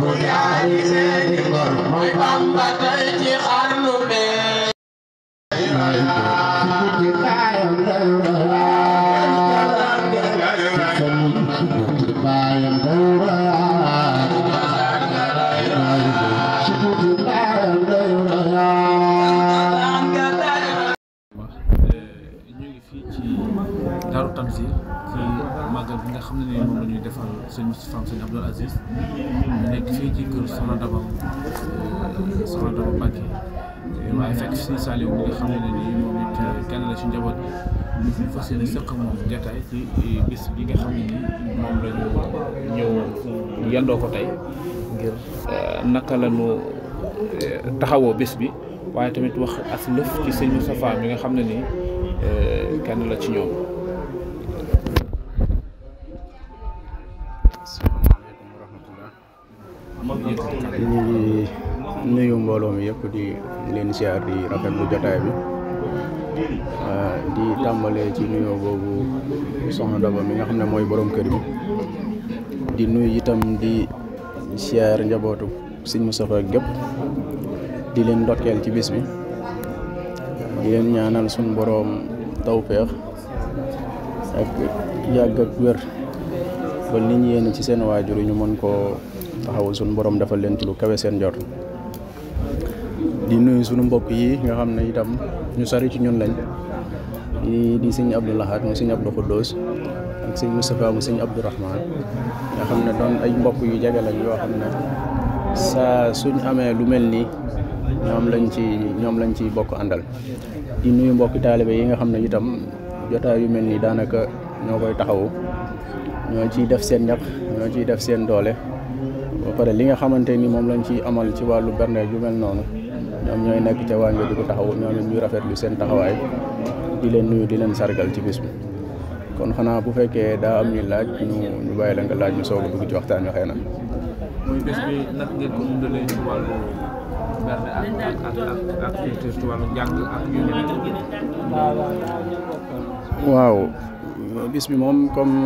bu yaay seeni ngor mooy Bamba tey ci xarnu bee ñu ngi fii ci Daaru Tanzil ci màggal bi nga xam ne moom la ñuy defal sëñ Moustapha sëñ ci kër Soxna Daba euh, moom it euh, kenn la ci njaboot bi sëq moom jataay bi nga xam ne nii ko tey euh, naka la taxawoo bis bi waaye tamit wax as lëf ci nga xam ne nii kenn la ci ñoom ñëpp di leen siyaar di rafetlu jotaay bi ah, di tàmbalee ci nuyoo boobu soxna Daba mi nga xam ne mooy borom kër gi di nuyu itam di siyaar njabootu sëñ Moustapha gépp di leen ndokkeel ci bis bi di leen ñaanal suñ boroom tawféex ak yàgg ak wér ba liñ yéen ci seen waajur ñu mën koo taxawul suñ boroom dafa leen ci kawe seen jot di nuyu sunu mbokk yi nga xam ne itam ñu sori ci ñun lañ di di sëñ Abdou Lahad mu sëñ Abdou Khoudoss ak sëñ Moustapha mu sëñ Abdou Rahman nga xam ne doon ay mbokk yu jege lañ yoo xam ne saa suñ amee lu mel nii ñoom lañ ci ñoom lañ ci bokk àndal di nuyu mbokki taalibe yi nga xam ne itam jotaay yu mel nii daanaka ñoo koy taxawu ñoo ciy def seen ñaq ñoo ciy def seen doole ba pare li nga xamante ni moom lañ ciy amal ci wàllu bernde yu mel noonu ñoom ñooy nekk ca waañ di ko taxaw ñoom it rafet lu seen taxawaay di leen nuyu di leen sargal ci bis bi kon xanaa bu fekkee daa am ñu laaj ñu bàyyi la nga laaj ñu soog a ci waxtaan wi bi nag ngeen ko dundalee ci wàllu berne ak ak ak ak ci wàllu njàng ak waaw bis bi moom comme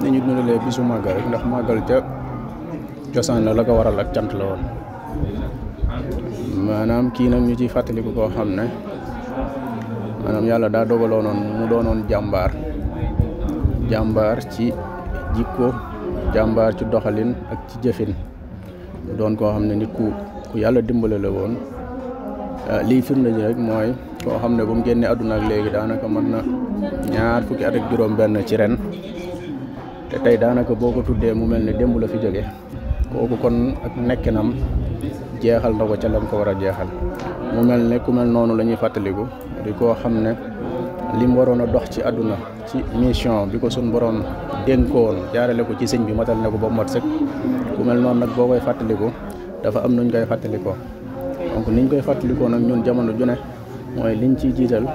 ni ñu dundalee bisu màggal ndax màggal ca cosaan la la ko waral ak cant la woon. maanaam kii nag ñu ciy fàttaliku koo xam ne maanaam yàlla daa dogaloonoon mu doonoon jàmbaar jàmbaar ci jikko jàmbaar ci doxalin ak ci jëfin doon koo xam ne nit ku ku yàlla dimbale la woon ah, lii firnde ji rek mooy koo xam ne bu mu génnee àdduna ak léegi daanaka mën na ñaar fukki at ak juróom benn ci ren te tey daanaka boo ko tuddee mu mel ni démb la fi jóge kooku kon ak nekkinam jeexal na ko ca lañ ko war a jeexal mu mel ne ku mel noonu la ñuy fàttaliku di koo xam ne li mu waroon a dox ci àdduna ci mission bi ko suñ borom dénkoon jaarale ko ci sëñ bi matal ne ko ba mot sëkk ku mel noonu nag boo koy fàttaliku dafa am nañ koy fàttalikoo donc niñ koy fàttalikoo nag ñun jamono ju ne mooy liñ ciy jiital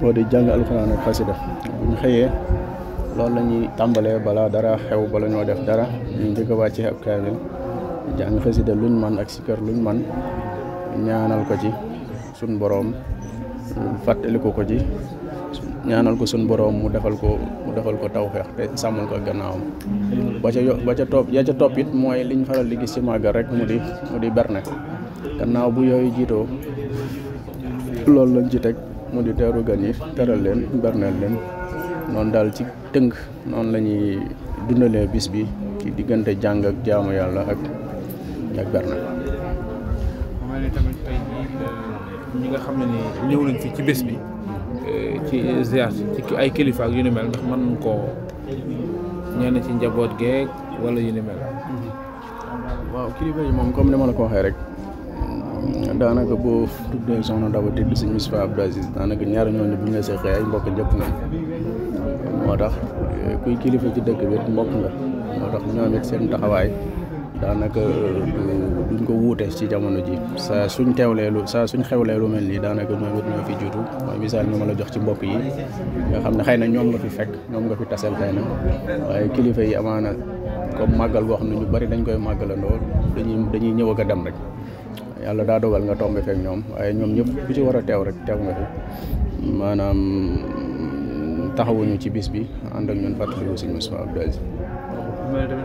moo di jàng alxuraan ak xasida buñ xëyee loolu la ñuy tàmbalee balaa dara xew bala ñoo def dara ñu njëkk a wàccee ab kaamil jàng xasida luñ man ak kër luñ man ñaanal ko ci suñ boroom fàttali ko ko ci ñaanal ko sun boroom mu defal ko mu defal ko tawfeex te sàmmal ko gannaawam ba ca yo ba ca topp ya ca topp mooy liñ faral di gis ci màggal rek mu di mu di berne gannaaw bu yooyu jiitoo loolu lañ ci teg mu di teeru gan yi teral leen berneel leen noonu daal ci tënk noonu la ñuy dundalee bis bi ci diggante jàng ak jaamu yàlla ak ak berna mel euh, ñi nga xam ne ni ñëw ci bés bi euh, ci ziar ci ay kilifa ak yu ni mel ndax mën koo ñenn ci njaboot geeg wala yu ni mel waaw kilifa yi moom comme ni ma la ko waxee rek daanaka boo tuddee soxna Daba tudd si Moustapha Abdou daanaka ñaar ñooñu bu ñu la seexee ay mbokk njëkk nga moo tax kuy kilifa ci dëkk bi mbokk nga moo tax ñoom it seen taxawaay daanaka euh, duñ ko wuute ci jamono ji saa suñ teewleelu saa suñ xewleelu mel nii daanaka mooy wut fi jiitu mooy misaal ñu la jox ci mbokk yi nga xam ne xëy na ñoom nga fi fekk ñoom nga fi taseel xëy na waaye kilifa yi amaana comme màggal goo xam ne ñu bari dañ koy màggalandoo dañuy dañuy ñëw ak a dem rek yàlla daa dogal nga tombe fekk ñoom waaye ñoom ñëpp ku ci war a teew rek teew nga fi maanaam taxawuñu ci bis bi ànd ak ñun fàttaliku Sëñ Moustapha Abdou Aziz mel tamit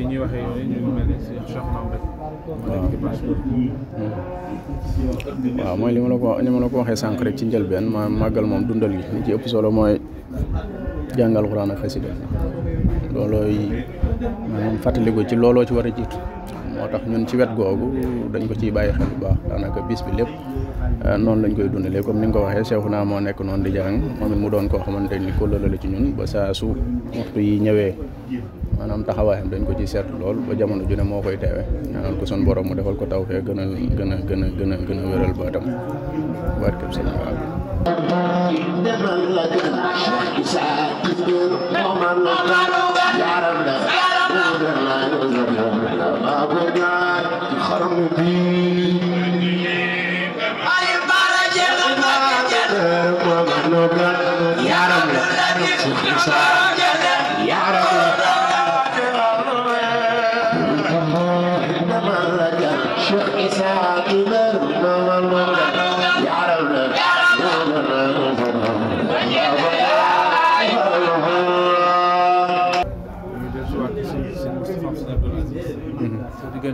ñuy waxee mm-hmm. waaw mooy li ma la ko la ko waxee sànq rek ci njëlbeen ma màggal moom dundal gi li ci ëpp solo mooy jàngal xuraan ak xasida loolooy maanaam fàttaliku ci looloo ci war a jiitu moo tax ñun ci wet googu dañ ko ciy bàyyi xel baax daanaka bis bi lépp Euh, noonu lañ koy dundale comme ni nga ko waxee Cheikhouna moo nekk noonu di jarang moom it mu doon koo xamante ni ko la ci ñun ba saa su waxtu yi ñëwee maanaam taxawaayam dañ ko ci seet lool ba jamono ju ne moo koy teewe ñaanal ko soon borom mu defal ko taw fee gën a gën a gën a gën a gën a wéral baatam barkeb sëñ Baab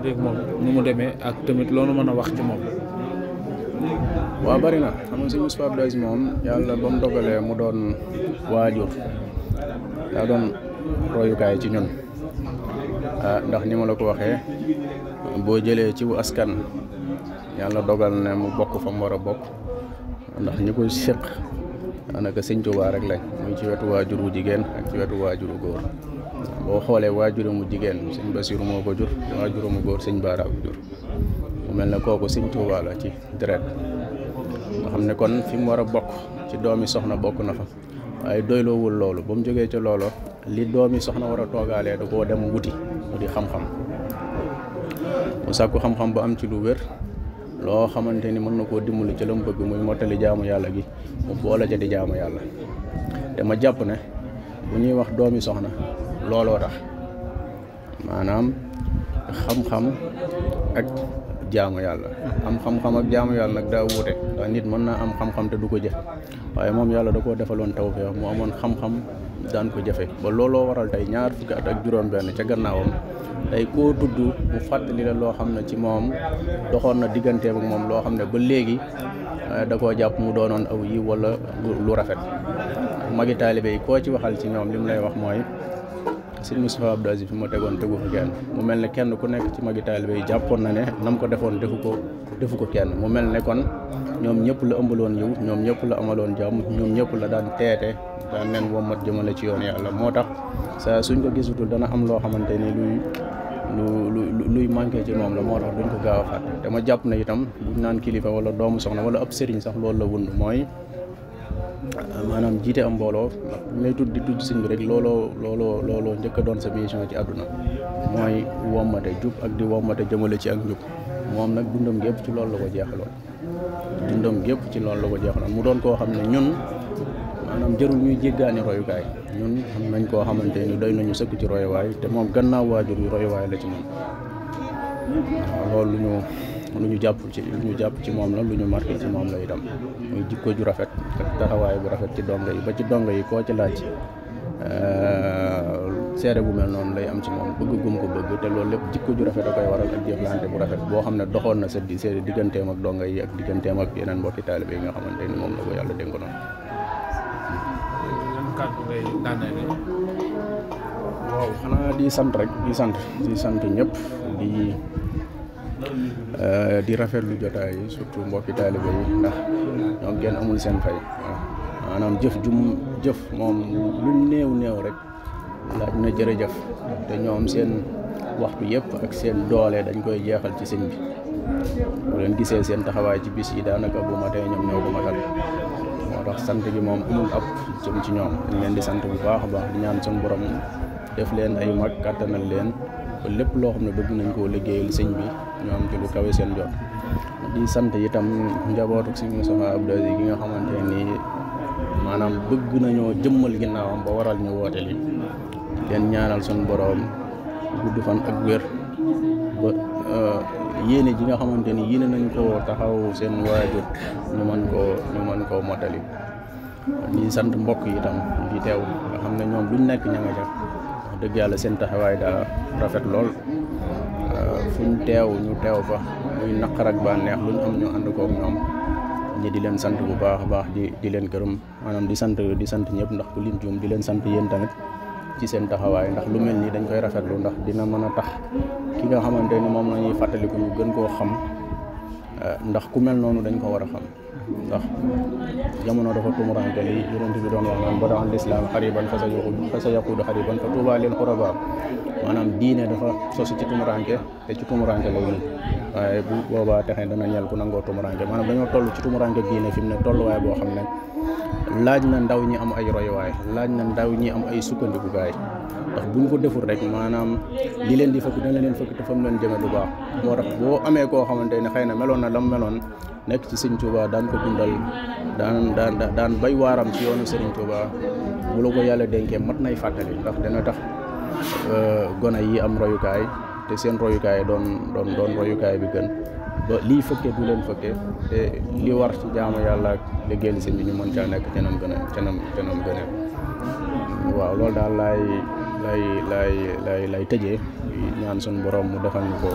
digganteeg moom nu mu demee ak tamit loolu mën a wax ci moom. waaw bari na xam nga si Moustapha Abdou moom yàlla ba mu dogalee mu doon waajur daa doon royukaay ci ñun ah, ndax ni ma la ko waxee boo jëlee ci wu askan yàlla dogal ne mu bokk fa mu war a bokk ndax ñi koy séq daanaka sëñ Tuubaa rek lañ muy ci wetu waajur wu jigéen ak ci wetu waajur góor boo xoolee waajuramu jigéen sëñ Basiru moo ko jur waajuramu góor sëñ Baara ko jur mu mel na kooku sëñ Tuubaa ci dret nga xam ne kon fi mu war a bokk ci doomi soxna bokk na fa waaye doyloowul loolu ba mu jógee ca loolo li doomi soxna war a toogaalee da koo dem wuti mu di xam-xam mu sàkku xam-xam ba am ci lu wér loo xamante ni mën na koo dimbali ci la mu bëgg muy mottali jaamu yàlla gi mu boole ca di jaamu yàlla dama jàpp ne bu ñuy wax doomi soxna looloo tax maanaam xam-xam ak jaamu yàlla am xam ak jaamu yàlla nag daa wuute ndax nit mën naa am xam-xam te du ko jëf waaye moom yàlla da koo defaloon tawfeex mu amoon xam-xam daan ko jafe ba looloo waral tey ñaar fukki at ak juróom benn ca gannaawam tey koo tudd bu fàttali la loo xam ne ci moom doxoon na digganteem ak moom loo xam ne ba léegi eh, da koo jàpp mu doonoon aw yi wala lu rafet magi taalibe yi koo ci waxal ci ñoom li mu lay wax mooy sëñ Moustapha Abdou Aziz fi ma tegoon tegu fa kenn mu mel ne kenn ku nekk ci magi taalibe yi jàppoon na ne nam ko defoon defu ko defu ko kenn mu mel ne kon ñoom ñëpp la ëmbaloon yiw ñoom ñëpp la amaloon jàmm ñoom ñëpp la daan teete daan leen wommat jëmale ci yoon yàlla moo tax saa suñ ko gisutul dana am loo xamante ni luy luy manqué ci moom la moo tax duñ ko gaaw a fàtte dama jàpp na itam buñ naan kilifa wala doomu soxna wala ab sëriñ sax loolu la wund mooy maanaam jiite am mbooloo ndax tudd di tudd sëñ rek looloo looloo looloo njëkk doon sa mission ci àdduna mooy wommate jub ak di wommate jëmale ci ak njub moom nag dundam gépp ci loolu la ko jeexaloon dundam gépp ci loolu la ko jeexaloon mu doon koo xam ne ñun maanaam jërul ñuy jéggaani royukaay ñun xam nañ koo xamante ni doy nañu sëkk ci royuwaay te moom gannaaw waajur yu royuwaay la ci moom loolu ñu lu ñu jàpp ci ñu jàpp ci moom la lu ñu marqué ci moom la itam jikko ju rafet ak taxawaay bu rafet ci dongo yi ba ci dongo yi koo ci laaj euh, seere bu mel noonu lay am ci moom bëgg gum ko bëgg te loolu lépp jikko ju rafet da koy waral ak jëflante bu rafet boo xam ne doxoon na sa di seede digganteem ak dongo yi ak digganteem ak yeneen mbokki taalibe yi nga xamante ni moom la ko yàlla dénk noonu. xanaa di sant rek di sant di sant ñëpp di. Euh, di rafetlu jotaay yi surtout mbokki taalibe yi ndax ñoom kenn amul seen fay maanaam jëf jum jëf moom lu néew néew rek laaj na jërëjëf te ñoom seen waxtu yëpp ak seen doole dañ koy jeexal ci sëñ bi bu leen gisee seen taxawaay ci bis yi daanaka bu ma tee ñoom ñoo ko matal moo tax sant bi moom amul ab jëm ci ñoom dañ leen di sant bu baax baax di ñaan suñu borom def leen ay mag kàttanal leen lépp loo xam ne bëgg nañ koo liggéeyal sëñ bi ñu am ci lu kawe seen jot di sant itam njabootu sëñ Moustapha Abdou Aziz gi nga xamante maanaam bëgg nañoo jëmmal ginnaawam ba waral ñu woote leen ñaanal suñu boroom gudd fan ak wér ba euh, yéene ji nga xamante ni yéene nañu ko taxaw seen waajur ñu mën koo ñu mën sant mbokk yi itam nga xam ne ñoom luñ nekk ña nga wax dëgg yàlla seen taxawaay daa rafet lool euh, fu ñu teew ñu teew fa muy naqar ak bànneex lu ñu am ñu ànd koog ñoom ñi di leen sant bu baax a baax di di leen gërëm maanaam di sant di sant ñëpp ndax ku lim juum di leen sant yéen tamit ci seen taxawaay ndax lu mel nii dañ koy rafetlu ndax dina mën a tax ki nga xamante ni moom la ñuy fàttaliku ñu gën koo xam euh, ndax ku mel noonu dañ ko war a xam. ndax jamono dafa tumuranke li yonent bi doon wax ba daan lislaam xariban fa sa yaqud fa yaqudu xariban fa tuuba lil maanaam diine dafa sosu ci tumuranke te ci tumuranke lay mujj waaye bu boobaa texe dana ñel ku nangoo tumuranke maanaam dañoo toll ci tumuranke diine fi mu tollu tolluwaay boo xam ne laaj na ndaw ñi am ay royuwaay laaj na ndaw ñi am ay sukkandikukaay gaay ndax bu ñu ko deful rek maanaam di leen di fëkk dana leen fëkk te fam leen jëme boo amee koo xamante ne xëy na meloon na lam meloon nekk ci sëñ daan ko dundal daan daan daan bay waaram ci yoonu sëriñ Touba bu la ko yàlla dénkee mat nay fàttali ndax dana tax euh, gone yi am royukaay te seen royukaay doon doon doon royukaay bi gën ba lii fëkkee du leen fëkkee te li war ci jaamu yàlla ak liggéeyal sëñ bi ñu mën caa nekk ca nam gën a ca waaw loolu daal laay lay lay lay lay tëjee ñaan suñu boroom mu defal ñu ko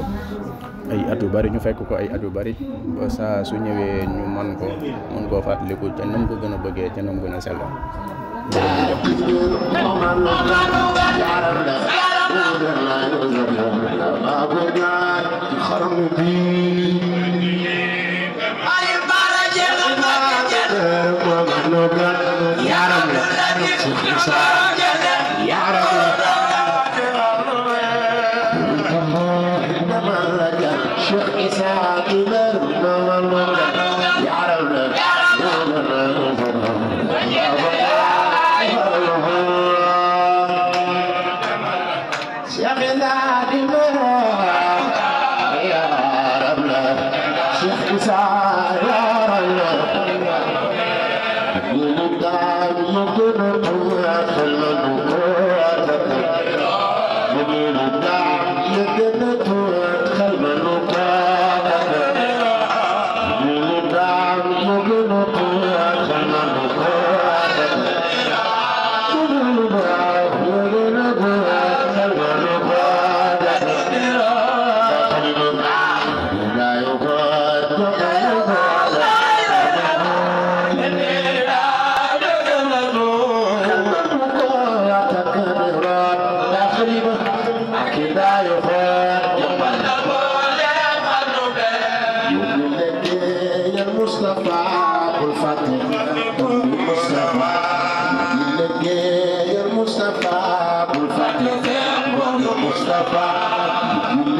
ay at yu bari ñu fekk ko ay at yu bari ba saa su ñëwee ñu man ko mën koo fàttaliku ca nam ko gën a bëggee ca nam gën a Thank you.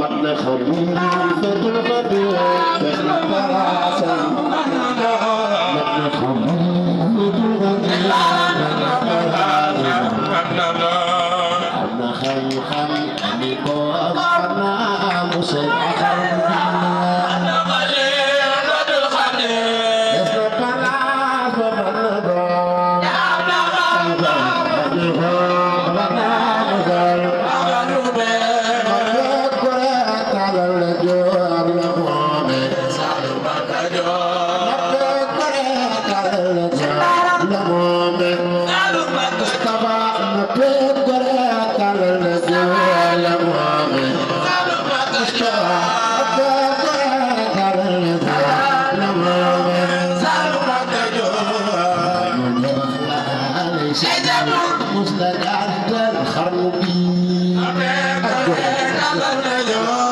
mat na xamul Amen.